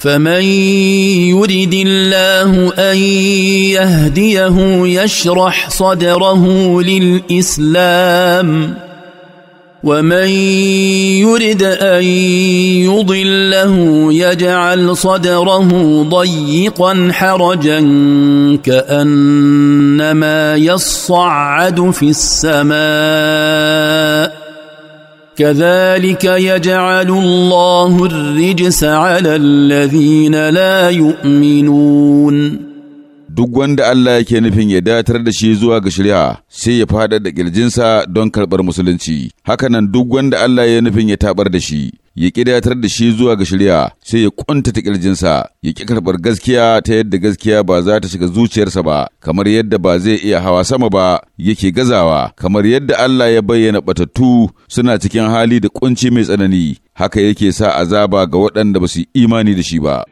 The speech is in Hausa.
فمن يرد الله ان يهديه يشرح صدره للاسلام ومن يرد ان يضله يجعل صدره ضيقا حرجا كانما يصعد في السماء كذلك يجعل الله الرجس على الذين لا يؤمنون duk wanda Allah yake nufin ya datar da shi zuwa ga shari'a sai ya faɗar da kirjinsa don karɓar musulunci hakanan duk wanda Allah ya nufin ya tabar da shi ya ƙidatar da shi zuwa ga shirya sai ya ƙunta ta ƙirjinsa ya ƙi karɓar gaskiya ta yadda gaskiya ba za ta shiga zuciyarsa ba kamar yadda ba zai iya hawa sama ba yake gazawa kamar yadda Allah ya bayyana batattu suna cikin hali da ƙunci mai tsanani haka yake sa azaba ga waɗanda ba su imani da shi ba.